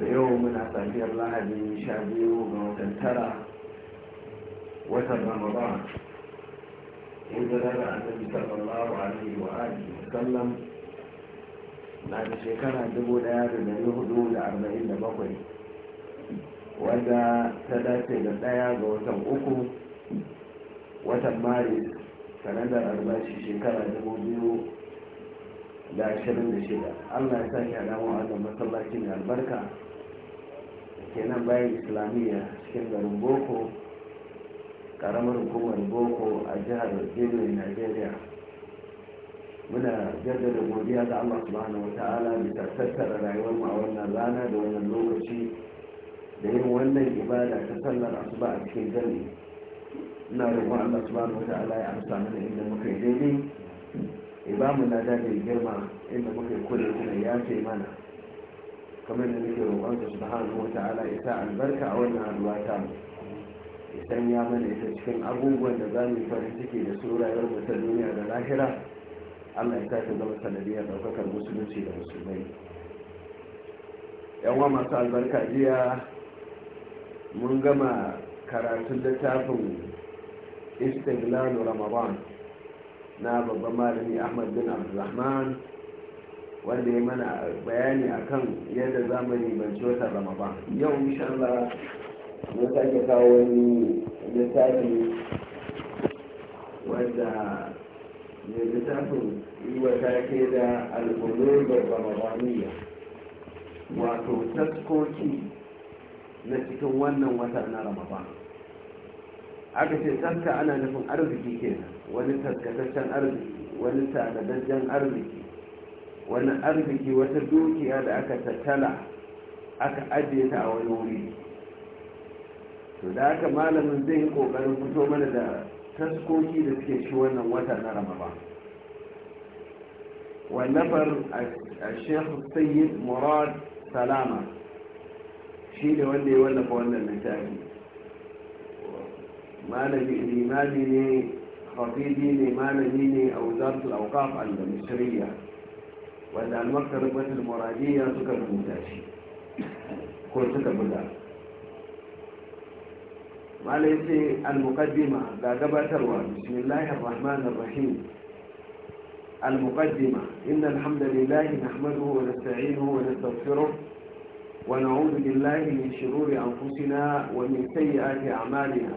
to yau muna safiyar lahadi sha biyu ga watan tara watan ramadan in zara da annabi sallallahu alaihi wa alihi wa sallam na da shekara dubu daya da dari hudu da arba'in da bakwai wanda ta dace da daya ga watan uku watan maris sanadar albashi shekara dubu biyu da ashirin da shida allah ya sa haɗa mu a masallacin albarka kenan bayan islamiyya cikin garin boko karamar hukumar boko a jihar birnin nigeria muna jaddada godiya ga allah subhanahu wa ta'ala bisa tattara rayuwar mu a wannan rana da wannan lokaci da yin wannan ibada ta sallar asuba a cikin gani ina roƙon allah subhanahu wa ta'ala ya amsa mana inda muka yi daidai ibamu na da girma inda muka yi kure kuma ya ce mana kamar da muke roƙon su subhanahu wata'ala ya sa albarka a wannan haduwa ta mu ya mana ita cikin abubuwan da za mu farin ciki da su rayuwar mu ta duniya da lahira Allah ya sa ta zama sanadiyar ɗaukakar musulunci da musulmai yawa masu albarka jiya mun gama karatun littafin istiglalu ramadan na babban malami ahmad bin abdulrahman wanda ya mana bayani akan yadda zamani banci wata ramadan yau insha Allah mun sake kawo wani littafi wanda mai littafin yi wa take da al'ulubar ramadaniya wato taskoki na cikin wannan wata na ramadan aka ce taska ana nufin arziki ke wani taskataccen arziki wani tanadajjen arziki wani arziki wata dukiya da aka tattala aka ajiye ta a wani wuri to da haka malamin zai yi kokarin fito mana da taskoki da suke shi wannan wata na ramadan wallafar a shekhu sayyid murad salama shi ne wanda ya wallafa wannan littafi ما لديني ما لديني خطي ديني ما لديني أو وزارة الأوقاف المصرية وإذا المكتب ربات المراجية تكب المتاشي كل تكب الله ما لديني المقدمة لا قبل بسم الله الرحمن الرحيم المقدمة إن الحمد لله نحمده ونستعينه ونستغفره ونعوذ بالله من شرور أنفسنا ومن سيئات أعمالنا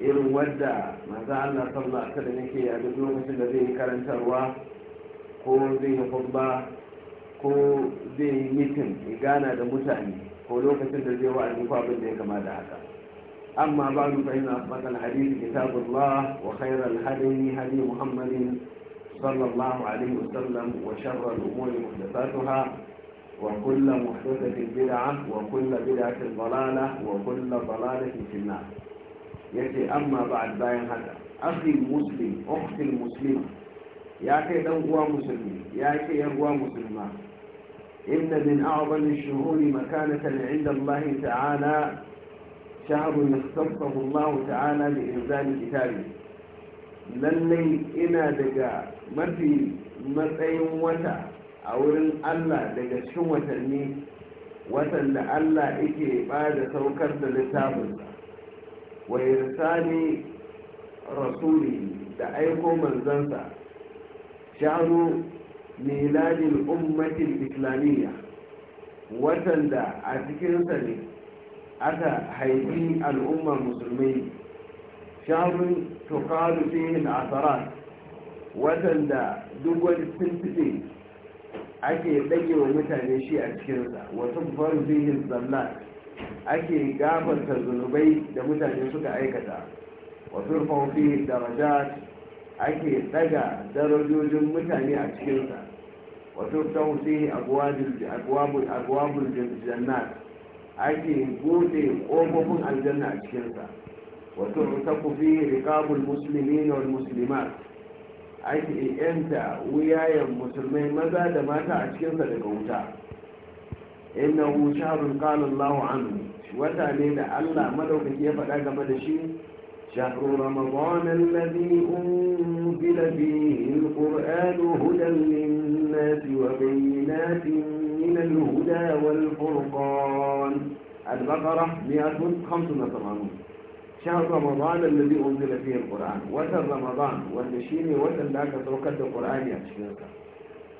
irin wadda maza Allah sallallahu alaihi wasallam yake a duk lokacin da zai yi karantarwa ko zai yi khutba ko zai yi mitin ya gana da mutane ko lokacin da zai wa'azi ko abin da ya kama da haka amma ba mu fahimta matsal hadisi kitabullah wa khairal hadi hadi muhammadin sallallahu alaihi wasallam wa sharral umuri muhdathatuha وكل محدثة بدعة وكل بدعة wa وكل ضلالة في النار يأتي أما بعد باين هذا أخي المسلم أختي المسلمة يا كي هو مسلم يا كي هو مسلمة إن من أعظم الشهور مكانة عند الله تعالى شهر اختصه الله تعالى لإنزال كتابه للي إنا دقا ما في مرأيم وتا أو إن الله دقا شوة الميم وتا لألا إكي بعد توكرت لتابلها wa irsali rasuli da aiko manzansa sha'anu miladin ummatin islamiyya watan da a cikinsa ne aka haifi al'ummar musulmai sha'anun tukalu fihin asarar watan da duk wani tuntuɓe ake ɗage wa mutane shi a cikinsa wasu farin fihin zallat ake gafarta zunubai da mutane suka aikata wa turfan fi darajat ake daga darajojin mutane a cikinsa wa turfan fi abuwabul jannat ake bude ƙofofin aljanna a cikinsa wa turfan fi musulmi na wani musulma ake yanta wuyayen musulmai maza da mata a cikinsa daga wuta innahu shahrun qala Allahu anhu wata ne da Allah madaukaki ya faɗa game da shi شهر رمضان الذي أنزل فيه القرآن هدى للناس وبينات من الهدى والفرقان البقرة 185 شهر رمضان الذي أنزل فيه القرآن وتر رمضان والنشيني وتر لك توكد القرآن يا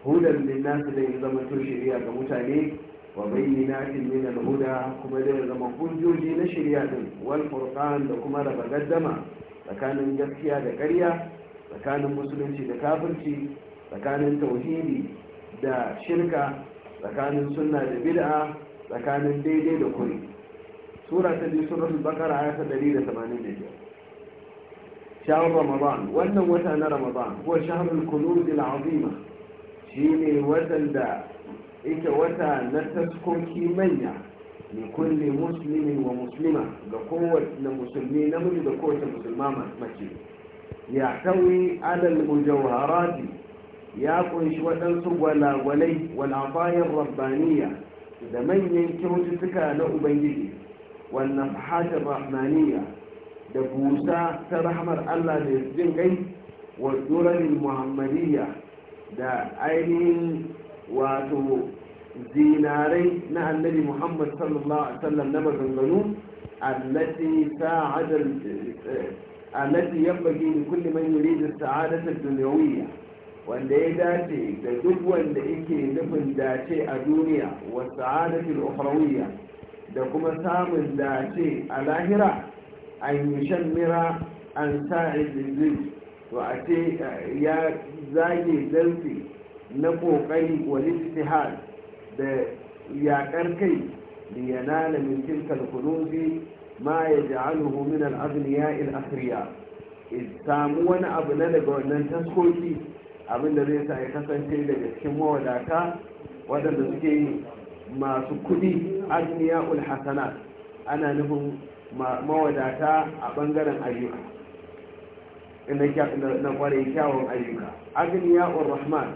هدى للناس الذي زمن تشريع كمتاني وبينات من الهدى كما دير لما حجوجي نشريات والفرقان لكما رب قدما فكان جسيا دكريا فكان مسلم شي دكافرشي فكان توحيدي دا شركة فكان سنة دا بدعة فكان ديدي دا كري سورة دي سورة البقرة آية دليل 85 شهر رمضان وانا وثان رمضان هو شهر الكنوز العظيمة شيني وثن دا ita wata na taskoki manya ne kulle musulmin wa musulma ga kowace musulmi namiji da kowace musulma mace ya tawi alal mujawharati ya kunshi waɗansu gwalagwalai wal'abayin rabbaniya da manyan kyaututtuka na ubangiji wannan fahatar rahmaniya da busa ta rahmar allah da jin gai wa tsoron muhammadiyya da ainihin wato zinarai na annabi muhammad sallallahu alaihi wasallam na maganganu allati sa'ada eh, allati yabbagi li kulli man yuridu as ad-dunyawiyya wanda ya dace da duk wanda yake nufin dace a duniya wa sa'adati al-ukhrawiyya da kuma samun dace a lahira an yushammira an sa'id al-zil to a eh, ya zage dalfi na kokari walistihar da yakar kai da yanala min tilkal kunuzi ma ya ja'aluhu min al-aghniya al samu wani abu na daga wannan taskoki abin da zai sa ya kasance daga cikin mawadata waɗanda suke masu kudi agniya hasana ana nufin mawadata a ɓangaren ayyuka na kwarai kyawun ayyuka agniya rahman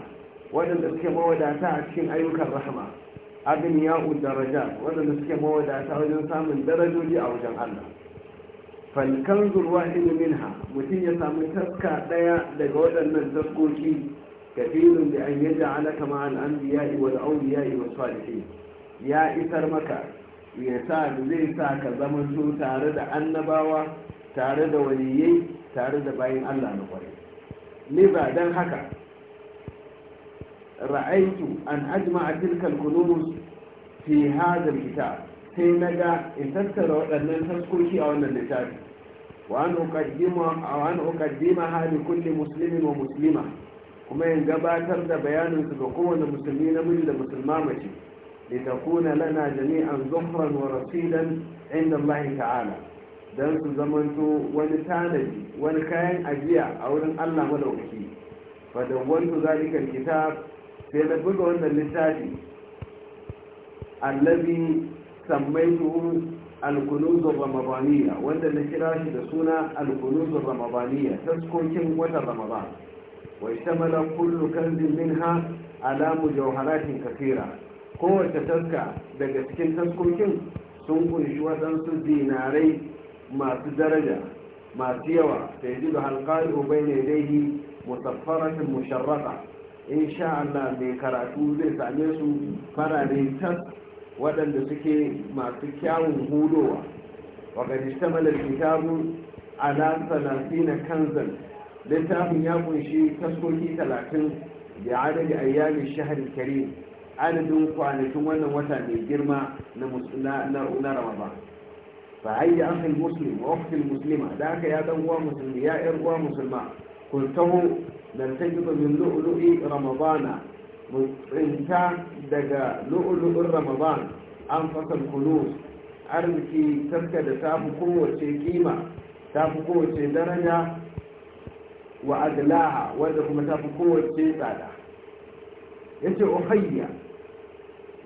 waɗanda suke mawadata a cikin ayyukan rahama abin ya daraja waɗanda suke mawadata wajen samun darajoji a wajen allah falkan zurwa ha, mutum ya samu taska ɗaya daga waɗannan taskoki kafirin da an yadda alaka ma'al an biya ya yi wa salihin ya isar maka ya sa zai sa ka zama su tare da annabawa tare da waliyyai, tare da bayan allah na kwarai Ni ba don haka ra'aitu an ajma'a tilka al-qulubus fi hadha al-kitab sai naga in tattara waɗannan taskoki a wannan littafi wa an hali kulli muslimin wa muslima kuma in gabatar da bayanin ga kowane musulmi namiji da musulma mace لتكون لنا جميعا ظهرا ورصيدا عند الله تعالى dan su zamanto wani tanadi wani kayan ajiya a wurin Allah madaukaki fa dawwantu zalika alkitab sai na buga wannan littafi allazi sammaitu alkunuzu ramadaniya wanda na kira shi da suna alkunuzu ramadaniya taskokin wata wai wa ishtamala kullu kanzin ha alamu mujawharatin kathira kowace taska daga cikin taskokin sun kunshi waɗansu dinarai masu daraja masu yawa sai jibu halƙari ubai ne dai musafaratin musharrata insha Allah mai karatu zai same su farare tas waɗanda suke masu kyawun hudowa waƙar istamalar kitabu ala na kanzan littafin ya kunshi taskoki talatin da adadi ayyamin shahar kare adadin kwanakin wannan wata mai girma na ramadan fa hayya akhil muslim wa akhil muslima da aka ya dan uwa musulmi ya yar uwa musulma ku taho dan ta kiba min lu'lu'i ramadana mu tsinta daga lu'lu'in ramadan an fasal kulus arziki tarka da ta fi kowace kima ta fi kowace daraja wa adlaha wanda kuma ta fi kowace tsada ya ce ohayya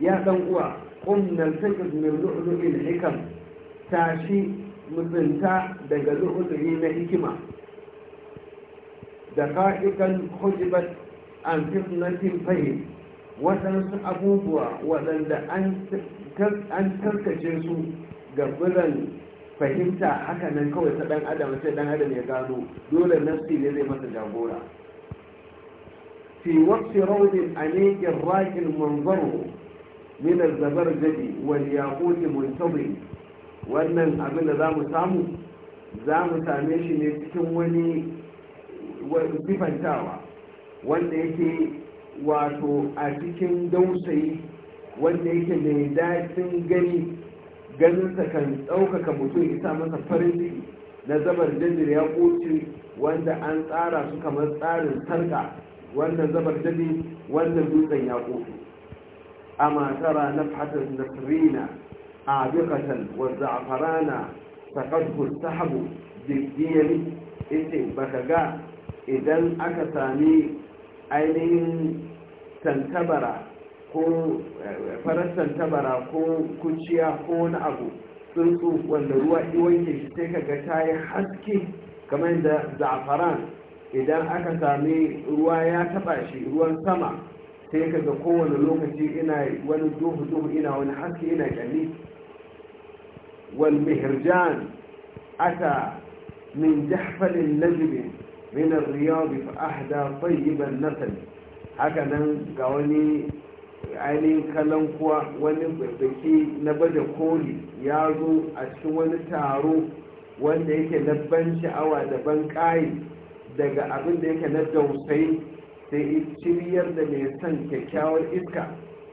ya dan uwa ƙunnan takas min lu'lu'in hikam tashi mutunta daga lu'lu'i na hikima دقائقا خجبت عن فتنة الفهم وتنس أبوبوا وذن أن ga قبلا fahimta hakanan kawai ta ɗan adam sai dan adam ya gano dole nafsi ne zai masa jagora fi waqti rawdin aniqir raqil manzaru min az-zabarjadi wal yaqut muntazim wannan abin da zamu samu zamu same shi ne cikin wani sifantawa wanda yake wato a cikin dausayi wanda yake mai daɗin gani ganinsa kan ɗaukaka mutum ya sa masa farin ciki na zabar jadir ya ƙoci wanda an tsara su kamar tsarin sarka wanda zabar jadir wanda dutsen ya ƙoci A matara na fatar nasirina a bukatan wanda a farana sakadhu sahabu jirgiyar ita baka ga idan aka sami ainihin tantabara ko eh, farar tantabara ko kuciya ko wani abu tsuntsu wanda ruwa iwanke shi sai ta yi haske kamar yadda za'afaran idan aka sami ruwa ya taba shi ruwan sama sai kaga kowane lokaci ina wani duhu duhu ina wani haske ina kyalli wal mihirjan aka min jahfalin najibin من الرياض riyad fa yi هكذا قولي haka nan ga wani ainihin kalan kuwa wani biki na bada koli ya zo a cikin wani taro wanda yake na sha'awa da ban daga abin da yake na dausayi sai ciriyar da mai son kyakkyawar iska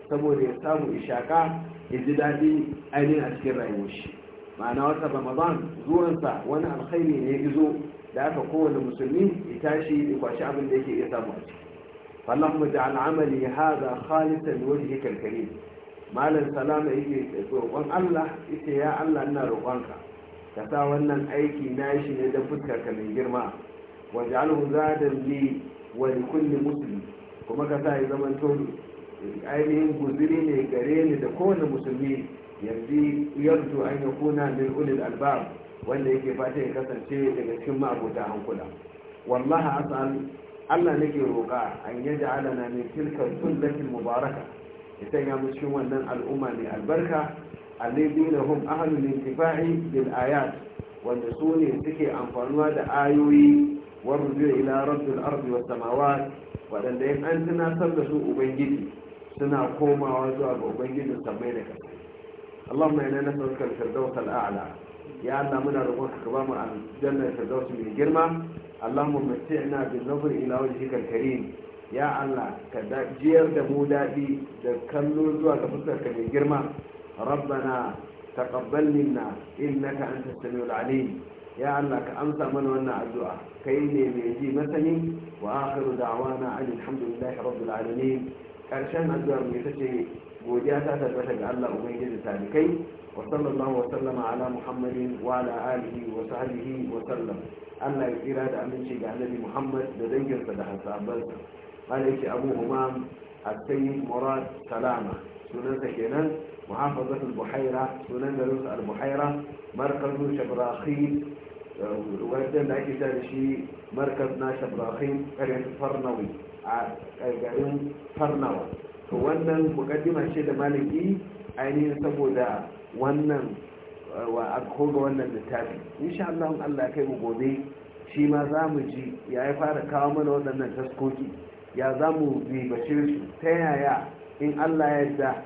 saboda ya samu ishaka ya ji daɗi ainihin a cikin rayuwar shi ma'ana wata ramadan zuwansa wani alkhairi ne ya zo da aka kowane musulmi ya tashi ya kwashi abin da yake iya samu a ciki فاللهم اجعل عملي هذا خالصا لوجهك الكريم مال السلام يجي roƙon Allah ita ya Allah na roƙonka ka sa wannan aiki na shi ne da fuskar ka mai girma waj'alhu zadan li wa li kulli Musulmi, kuma ka sa ya zama to ainihin guziri ne gare ni da kowane musulmi yanzu yarju an yakuna min ulil albab wanda yake fata ya kasance daga cikin ma'abota hankula wallaha asal Allah nake roƙa an yaji alana min tilka sunnatil mubaraka ya sanya mu cikin wannan al'umma mai albarka alladhina hum ahlul intifa'i bil ayat wanda su ne suke amfanuwa da ayoyi wa rujuu ila rabbil ardi was samawat wadanda in an tunatar da su ubangiji suna komawa zuwa ga ubangiji sammai da ƙasa اللهم إنا نسألك الفردوس الأعلى ya Allah muna roƙon ka ba mu aljanna ta zauci mai girma Allahumma matti'na bil nazar ila wajhika karim ya Allah ka jiyar da mu dadi da kallo zuwa ga fuskar ka mai girma rabbana taqabbal minna innaka antas samiul alim ya Allah ka amsa mana wannan addu'a kai ne mai ji masani wa akhiru da'wana alhamdulillahi rabbil alamin karshen addu'ar mu ita ce godiya ta tabbata ga Allah ubangiji kai? وصلى الله وسلم على محمد وعلى آله وصحبه وسلم Allah ya tsira da aminci ga annabi Muhammad da danginsa da hasabansa bala yake Abu Humam Murad Salama sunansa kenan muhafazatul Buhaira sunan garin Al-Buhaira markazu wajen da ake ta da shi markaz na Shabrakhim garin a garin Farnawa to wannan mukaddima ce da maliki ainihin saboda wannan wa a ga wannan littafi insha Allah in Allah kai mu gobe shi ma za mu ji ya ya fara kawo mana waɗannan taskoki ya za mu bi bashir su ta yaya in Allah ya yarda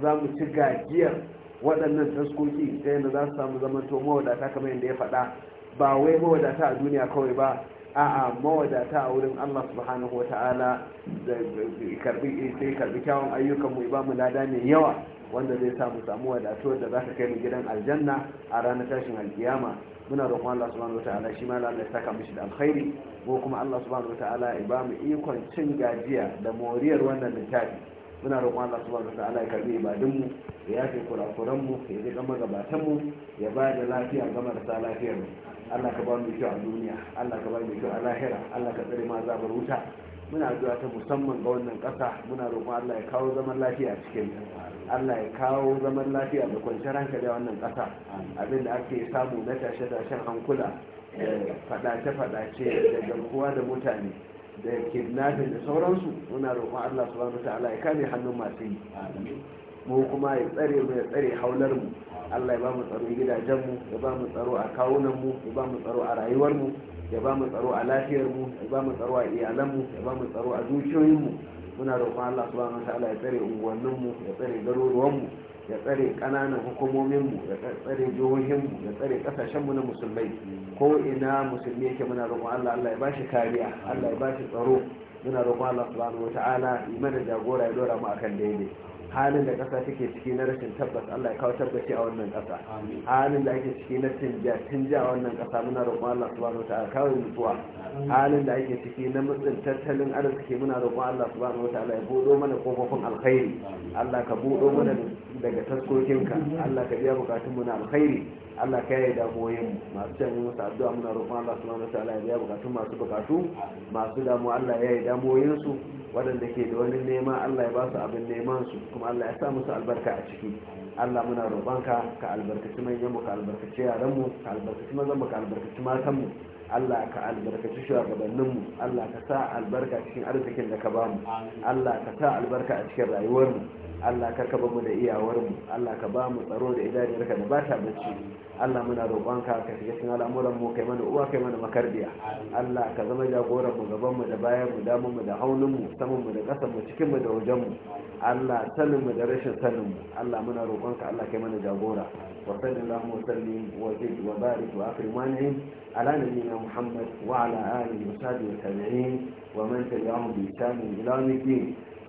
za mu ci gajiyar waɗannan taskoki ta yadda za su samu zama to mawadata kamar yadda ya faɗa ba wai mawadata a duniya kawai ba a'a mawadata a wurin Allah subhanahu wa ta'ala sai karbi kyawun ayyukan mu ba mu lada mai yawa wanda zai samu samu wadatuwar da za ka kai mu gidan aljanna a ranar tashin alkiyama muna roƙon Allah subhanahu wa ta'ala shi ma Allah ya saka mishi da alkhairi ko kuma Allah subhanahu wa ta'ala ya ba mu ikon cin gajiya da moriyar wannan littafi muna roƙon Allah subhanahu wataala ya karbi ibadun mu ya yafe kurakuran mu ya ji gama gabatan mu ya ba da lafiya gama da sa lafiyar mu Allah ka ba mu kyau a duniya Allah ka ba mu kyau a lahira Allah ka tsare ma zabar wuta muna zuwa ta musamman ga wannan ƙasa muna roƙon Allah ya kawo zaman lafiya a cikin Allah ya kawo zaman lafiya da kwanciyar hankali a wannan ƙasa abin da ake samu na tashe-tashen hankula da faɗace-faɗace da garkuwa da mutane da kidnapping da sauransu muna roƙon Allah subhanahu wataala ya kame hannun masu yi mu kuma ya tsare mu ya tsare haular mu Allah ya ba mu tsaro gidajen mu ya ba mu tsaro a kawunan mu ya ba mu tsaro a rayuwar mu ya ba mu tsaro a lafiyar mu ya ba mu tsaro a iyalan mu ya ba mu tsaro a zuciyoyin mu muna roƙon Allah subhanahu wataala ya tsare unguwannin mu ya tsare garuruwan mu ya tsare kananan hukumominmu ya tsare jihohinmu ya tsare ƙasashenmu na musulmai ko ina musulmi yake muna roƙon Allah Allah ya bashi kariya Allah ya bashi tsaro muna roƙon Allah subhanahu wata'ala yi mana jagora ya dora mu akan daidai halin da ƙasa take ciki na rashin tabbas Allah ya kawo tabbaci a wannan ƙasa halin da ake ciki na tinja ji a wannan ƙasa muna roƙon Allah subhanahu ta'ala kawo mutuwa halin da ake ciki na matsin tattalin arziki muna roƙon Allah subhanahu ta'ala ya buɗo mana kofofin alkhairi Allah ka buɗo mana daga taskokinka Allah ka biya bukatunmu na alkhairi Allah ka yi goyen masu can musu addu'a muna roƙon Allah subhanahu ta'ala ya biya bukatun masu bukatu masu damu Allah ya yi su. waɗanda ke da wani nema Allah ya ba su abin neman su kuma Allah ya sa musu albarka a ciki Allah muna roƙonka ka albarkaci manyan mu ka albarkaci yaran mu ka albarkaci mazan mu ka albarkaci matan mu Allah ka albarkaci shugabannin mu Allah ka sa albarka cikin arzikin da ka ba mu Allah ka sa albarka a cikin rayuwar mu Allah ka mu da iyawarmu Allah ka ba mu tsaro da idaniyarka da ba ta bacci Allah muna roƙonka ka shiga cikin al'amuran mu kai mana uwa kai mana makardiya. Allah ka zama jagoran mu gaban mu da bayan mu damun mu da haunin mu saman mu da ƙasan mu cikin mu da wajen mu Allah sanin mu da rashin sanin mu Allah muna roƙonka Allah kai mana jagora wa sallallahu wa sallim wa zid wa barik wa akrim على نبينا محمد وعلى آله وصحبه والتابعين ومن تبعهم بإحسان إلى يوم الدين